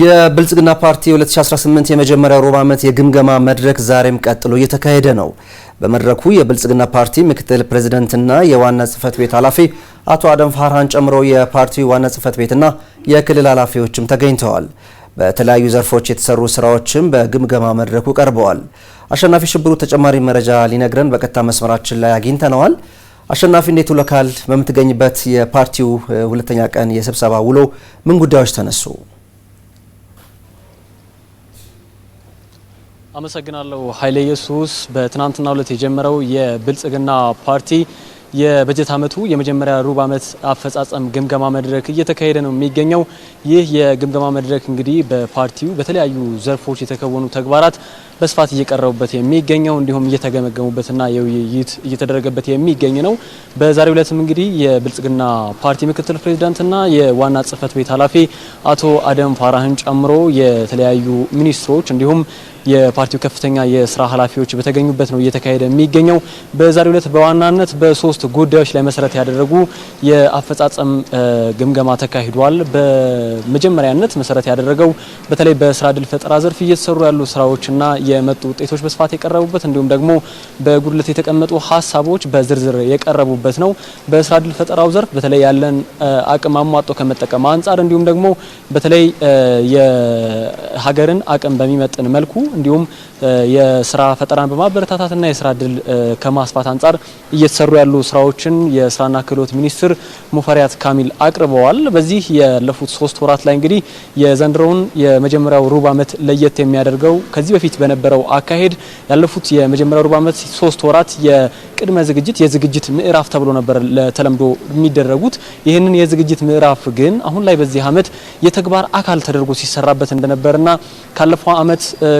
የብልጽግና ፓርቲ 2018 የመጀመሪያ ሩብ ዓመት የግምገማ መድረክ ዛሬም ቀጥሎ እየተካሄደ ነው። በመድረኩ የብልጽግና ፓርቲ ምክትል ፕሬዚደንትና የዋና ጽህፈት ቤት ኃላፊ አቶ አደም ፋርሃን ጨምሮ የፓርቲው ዋና ጽህፈት ቤትና የክልል ኃላፊዎችም ተገኝተዋል። በተለያዩ ዘርፎች የተሰሩ ስራዎችም በግምገማ መድረኩ ቀርበዋል። አሸናፊ ሽብሩ ተጨማሪ መረጃ ሊነግረን በቀጥታ መስመራችን ላይ አግኝተነዋል። አሸናፊ እንዴት ውለካል? በምትገኝበት የፓርቲው ሁለተኛ ቀን የስብሰባ ውሎ ምን ጉዳዮች ተነሱ? አመሰግናለሁ ኃይለ ኢየሱስ። በትናንትና ሁለት የጀመረው የብልጽግና ፓርቲ የበጀት ዓመቱ የመጀመሪያ ሩብ ዓመት አፈጻጸም ግምገማ መድረክ እየተካሄደ ነው የሚገኘው። ይህ የግምገማ መድረክ እንግዲህ በፓርቲው በተለያዩ ዘርፎች የተከወኑ ተግባራት በስፋት እየቀረቡበት የሚገኘው እንዲሁም እየተገመገሙበትና የውይይት እየተደረገበት የሚገኝ ነው። በዛሬው ዕለትም እንግዲህ የብልጽግና ፓርቲ ምክትል ፕሬዚዳንትና የዋና ጽህፈት ቤት ኃላፊ አቶ አደም ፋራህን ጨምሮ የተለያዩ ሚኒስትሮች እንዲሁም የፓርቲው ከፍተኛ የስራ ኃላፊዎች በተገኙበት ነው እየተካሄደ የሚገኘው። በዛሬው ዕለት በዋናነት በሶስት ጉዳዮች ላይ መሰረት ያደረጉ የአፈጻጸም ግምገማ ተካሂዷል። በመጀመሪያነት መሰረት ያደረገው በተለይ በስራ እድል ፈጠራ ዘርፍ እየተሰሩ ያሉ ስራዎችና የመጡ ውጤቶች በስፋት የቀረቡበት እንዲሁም ደግሞ በጉድለት የተቀመጡ ሀሳቦች በዝርዝር የቀረቡበት ነው። በስራ እድል ፈጠራው ዘርፍ በተለይ ያለን አቅም አሟጦ ከመጠቀም አንጻር እንዲሁም ደግሞ በተለይ የሀገርን አቅም በሚመጥን መልኩ እንዲሁም የስራ ፈጠራን በማበረታታትና የስራ እድል ከማስፋት አንጻር እየተሰሩ ያሉ ስራዎችን የስራና ክህሎት ሚኒስትር ሙፈሪያት ካሚል አቅርበዋል። በዚህ ያለፉት ሶስት ወራት ላይ እንግዲህ የዘንድሮውን የመጀመሪያው ሩብ ዓመት ለየት የሚያደርገው ከዚህ በፊት በነበረው አካሄድ ያለፉት የመጀመሪያው ሩብ ዓመት ሶስት ወራት የቅድመ ዝግጅት የዝግጅት ምዕራፍ ተብሎ ነበር ለተለምዶ የሚደረጉት። ይህንን የዝግጅት ምዕራፍ ግን አሁን ላይ በዚህ ዓመት የተግባር አካል ተደርጎ ሲሰራበት እንደነበርና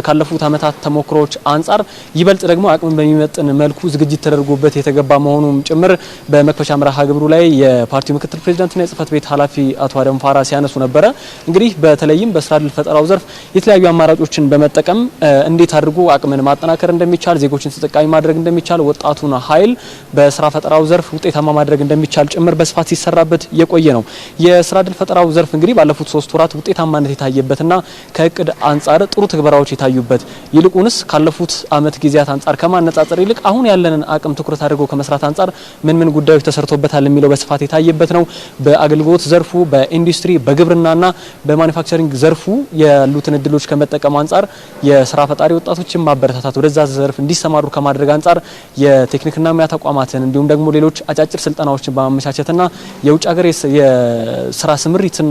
ካለፉት ዓመታት ተሞክሮዎች አንጻር ይበልጥ ደግሞ አቅምን በሚመጥን መልኩ ዝግጅት ተደርጎበት የተገባ መሆኑም ጭምር በመክፈቻ መርሃ ግብሩ ላይ የፓርቲው ምክትል ፕሬዚዳንትና የጽህፈት ቤት ኃላፊ አቶ አደም ፋራ ሲያነሱ ነበረ። እንግዲህ በተለይም በስራ ዕድል ፈጠራው ዘርፍ የተለያዩ አማራጮችን በመጠቀም እንዴት አድርጎ አቅምን ማጠናከር እንደሚቻል፣ ዜጎችን ተጠቃሚ ማድረግ እንደሚቻል፣ ወጣቱን ኃይል በስራ ፈጠራው ዘርፍ ውጤታማ ማድረግ እንደሚቻል ጭምር በስፋት ሲሰራበት የቆየ ነው። የስራ ዕድል ፈጠራው ዘርፍ እንግዲህ ባለፉት ሶስት ወራት ውጤታማነት የታየበትና ከእቅድ አንጻር ጥሩ ትግበራዎች የታዩበት ይልቁ ይልቁንስ ካለፉት አመት ጊዜያት አንጻር ከማነጻጸር ይልቅ አሁን ያለንን አቅም ትኩረት አድርጎ ከመስራት አንጻር ምን ምን ጉዳዮች ተሰርቶበታል የሚለው በስፋት የታየበት ነው። በአገልግሎት ዘርፉ፣ በኢንዱስትሪ፣ በግብርናና በማኒፋክቸሪንግ ዘርፉ ያሉትን እድሎች ከመጠቀም አንጻር የስራ ፈጣሪ ወጣቶችን ማበረታታት፣ ወደዛ ዘርፍ እንዲሰማሩ ከማድረግ አንጻር የቴክኒክና ሙያ ተቋማትን እንዲሁም ደግሞ ሌሎች አጫጭር ስልጠናዎችን በማመቻቸትና የውጭ ሀገር የስራ ስምሪትን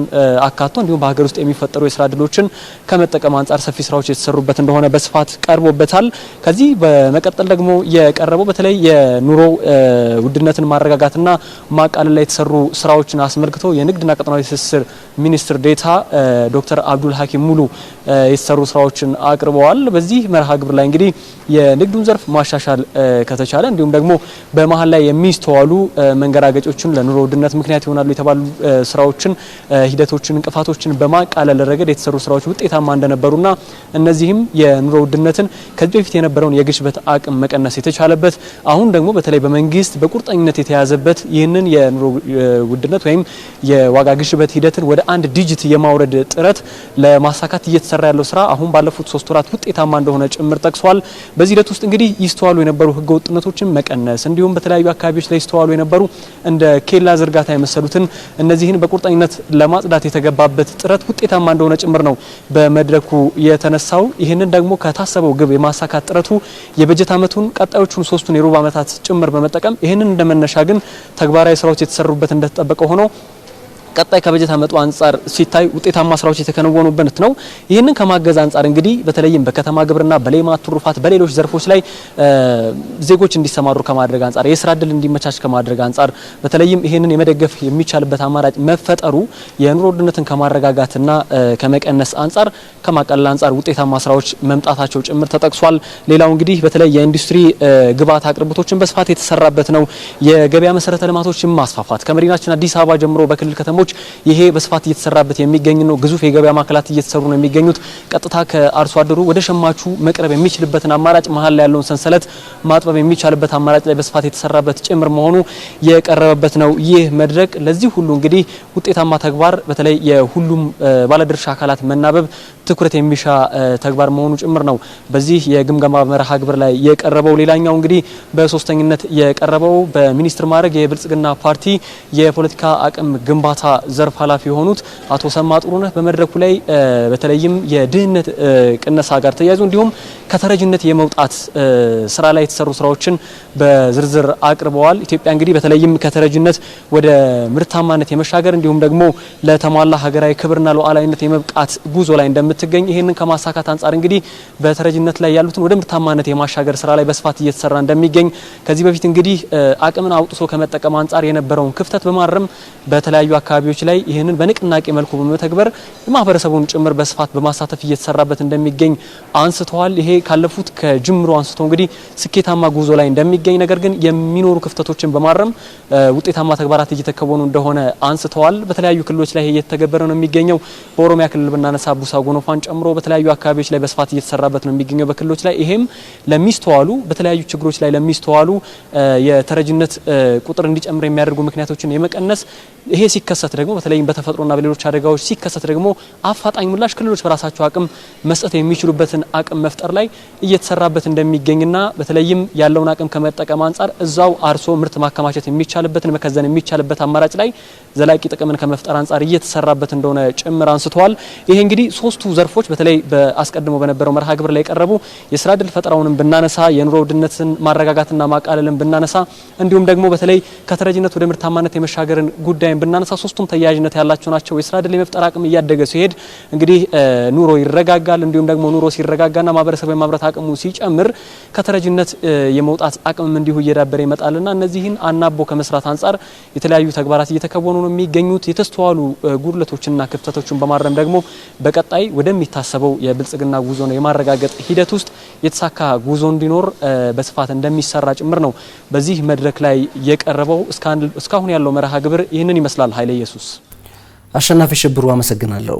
አካቶ እንዲሁም በሀገር ውስጥ የሚፈጠሩ የስራ እድሎችን ከመጠቀም አንጻር ሰፊ ስራዎች የተሰሩበት እንደሆነ በስፋት ቀርቦበታል። ከዚህ በመቀጠል ደግሞ የቀረበው በተለይ የኑሮ ውድነትን ማረጋጋትና ማቃለል ላይ የተሰሩ ስራዎችን አስመልክቶ የንግድና ቀጠናዊ ትስስር ሚኒስትር ዴታ ዶክተር አብዱል ሀኪም ሙሉ የተሰሩ ስራዎችን አቅርበዋል። በዚህ መርሃ ግብር ላይ እንግዲህ የንግዱን ዘርፍ ማሻሻል ከተቻለ እንዲሁም ደግሞ በመሀል ላይ የሚስተዋሉ መንገራገጮችን ለኑሮ ውድነት ምክንያት ይሆናሉ የተባሉ ስራዎችን፣ ሂደቶችን፣ እንቅፋቶችን በማቃለል ረገድ የተሰሩ ስራዎች ውጤታማ እንደነበሩና እነዚህም የኑሮ ውድነት ግንኙነትን ከዚህ በፊት የነበረውን የግሽበት አቅም መቀነስ የተቻለበት አሁን ደግሞ በተለይ በመንግስት በቁርጠኝነት የተያዘበት ይህንን የኑሮ ውድነት ወይም የዋጋ ግሽበት ሂደትን ወደ አንድ ዲጂት የማውረድ ጥረት ለማሳካት እየተሰራ ያለው ስራ አሁን ባለፉት ሶስት ወራት ውጤታማ እንደሆነ ጭምር ጠቅሷል። በዚህ ሂደት ውስጥ እንግዲህ ይስተዋሉ የነበሩ ህገ ውጥነቶችን መቀነስ እንዲሁም በተለያዩ አካባቢዎች ላይ ይስተዋሉ የነበሩ እንደ ኬላ ዝርጋታ የመሰሉትን እነዚህን በቁርጠኝነት ለማጽዳት የተገባበት ጥረት ውጤታማ እንደሆነ ጭምር ነው በመድረኩ የተነሳው። ይህንን ደግሞ ከታስ ያሰበው ግብ የማሳካት ጥረቱ የበጀት ዓመቱን ቀጣዮቹን ሶስቱን የሩብ ዓመታት ጭምር በመጠቀም ይህንን እንደመነሻ ግን ተግባራዊ ስራዎች የተሰሩበት እንደተጠበቀ ሆኖ ቀጣይ ከበጀት አመጡ አንጻር ሲታይ ውጤታማ ስራዎች የተከናወኑበት ነው። ይህንን ከማገዝ አንጻር እንግዲህ በተለይም በከተማ ግብርና፣ በሌማት ትሩፋት፣ በሌሎች ዘርፎች ላይ ዜጎች እንዲሰማሩ ከማድረግ አንጻር የስራ እድል እንዲመቻች ከማድረግ አንጻር በተለይም ይህንን የመደገፍ የሚቻልበት አማራጭ መፈጠሩ የኑሮ ውድነትን ከማረጋጋትና ከመቀነስ አንጻር ከማቀለል አንጻር ውጤታማ ስራዎች መምጣታቸው ጭምር ተጠቅሷል። ሌላው እንግዲህ በተለይ የኢንዱስትሪ ግብዓት አቅርቦቶችን በስፋት የተሰራበት ነው። የገበያ መሰረተ ልማቶችን ማስፋፋት ከመዲናችን አዲስ አበባ ጀምሮ በክልል ከተሞች ከተሞች ይሄ በስፋት እየተሰራበት የሚገኝ ነው። ግዙፍ የገበያ ማዕከላት እየተሰሩ ነው የሚገኙት። ቀጥታ ከአርሶ አደሩ ወደ ሸማቹ መቅረብ የሚችልበትን አማራጭ መሀል ላይ ያለውን ሰንሰለት ማጥበብ የሚቻልበት አማራጭ ላይ በስፋት የተሰራበት ጭምር መሆኑ የቀረበበት ነው ይህ መድረክ። ለዚህ ሁሉ እንግዲህ ውጤታማ ተግባር በተለይ የሁሉም ባለድርሻ አካላት መናበብ ትኩረት የሚሻ ተግባር መሆኑ ጭምር ነው በዚህ የግምገማ መርሃ ግብር ላይ የቀረበው። ሌላኛው እንግዲህ በሶስተኝነት የቀረበው በሚኒስትር ማዕረግ የብልጽግና ፓርቲ የፖለቲካ አቅም ግንባታ ዘርፍ ኃላፊ የሆኑት አቶ ሰማ ጥሩነህ በመድረኩ ላይ በተለይም የድህነት ቅነሳ ጋር ተያይዞ እንዲሁም ከተረጅነት የመውጣት ስራ ላይ የተሰሩ ስራዎችን በዝርዝር አቅርበዋል። ኢትዮጵያ እንግዲህ በተለይም ከተረጅነት ወደ ምርታማነት የመሻገር እንዲሁም ደግሞ ለተሟላ ሀገራዊ ክብርና ሉዓላዊነት የመብቃት ጉዞ ላይ እንደምትገኝ ይህንን ከማሳካት አንጻር እንግዲህ በተረጅነት ላይ ያሉትን ወደ ምርታማነት የማሻገር ስራ ላይ በስፋት እየተሰራ እንደሚገኝ ከዚህ በፊት እንግዲህ አቅምን አውጥቶ ከመጠቀም አንጻር የነበረውን ክፍተት በማረም በተለያዩ አካባቢ አካባቢዎች ላይ ይህንን በንቅናቄ መልኩ በመተግበር የማህበረሰቡን ጭምር በስፋት በማሳተፍ እየተሰራበት እንደሚገኝ አንስተዋል። ይሄ ካለፉት ከጅምሮ አንስቶ እንግዲህ ስኬታማ ጉዞ ላይ እንደሚገኝ ነገር ግን የሚኖሩ ክፍተቶችን በማረም ውጤታማ ተግባራት እየተከወኑ እንደሆነ አንስተዋል። በተለያዩ ክልሎች ላይ እየተገበረ ነው የሚገኘው። በኦሮሚያ ክልል ብናነሳ ቡሳ ጎኖፋን ጨምሮ በተለያዩ አካባቢዎች ላይ በስፋት እየተሰራበት ነው የሚገኘው በክልሎች ላይ ይሄም ለሚስተዋሉ በተለያዩ ችግሮች ላይ ለሚስተዋሉ የተረጅነት ቁጥር እንዲጨምር የሚያደርጉ ምክንያቶችን የመቀነስ ይሄ ሲከሰ ሲከሰት ደግሞ በተለይም በተፈጥሮና በሌሎች አደጋዎች ሲከሰት ደግሞ አፋጣኝ ምላሽ ክልሎች በራሳቸው አቅም መስጠት የሚችሉበትን አቅም መፍጠር ላይ እየተሰራበት እንደሚገኝና በተለይም ያለውን አቅም ከመጠቀም አንጻር እዛው አርሶ ምርት ማከማቸት የሚቻልበትን መከዘን የሚቻልበት አማራጭ ላይ ዘላቂ ጥቅምን ከመፍጠር አንጻር እየተሰራበት እንደሆነ ጭምር አንስተዋል። ይሄ እንግዲህ ሶስቱ ዘርፎች በተለይ በአስቀድሞ በነበረው መርሃ ግብር ላይ የቀረቡ የስራ እድል ፈጠራውንም ብናነሳ የኑሮ ውድነትን ማረጋጋትና ማቃለልን ብናነሳ እንዲሁም ደግሞ በተለይ ከተረጂነት ወደ ምርታማነት የመሻገርን ጉዳይን ብናነሳ ሶስቱም ተያያዥነት ያላቸው ናቸው። የስራ እድል የመፍጠር አቅም እያደገ ሲሄድ እንግዲህ ኑሮ ይረጋጋል። እንዲሁም ደግሞ ኑሮ ሲረጋጋና ማህበረሰብ የማምረት አቅሙ ሲጨምር ከተረጅነት የመውጣት አቅምም እንዲሁ እየዳበረ ይመጣልና እነዚህን አናቦ ከመስራት አንጻር የተለያዩ ተግባራት እየተከወኑ ነው የሚገኙት። የተስተዋሉ ጉድለቶችና ክፍተቶችን በማረም ደግሞ በቀጣይ ወደሚታሰበው የብልጽግና ጉዞ ነው የማረጋገጥ ሂደት ውስጥ የተሳካ ጉዞ እንዲኖር በስፋት እንደሚሰራ ጭምር ነው በዚህ መድረክ ላይ የቀረበው። እስካሁን ያለው መርሃ ግብር ይህንን ይመስላል። ኃይለየ ኢየሱስ አሸናፊ ሽብሩ አመሰግናለሁ።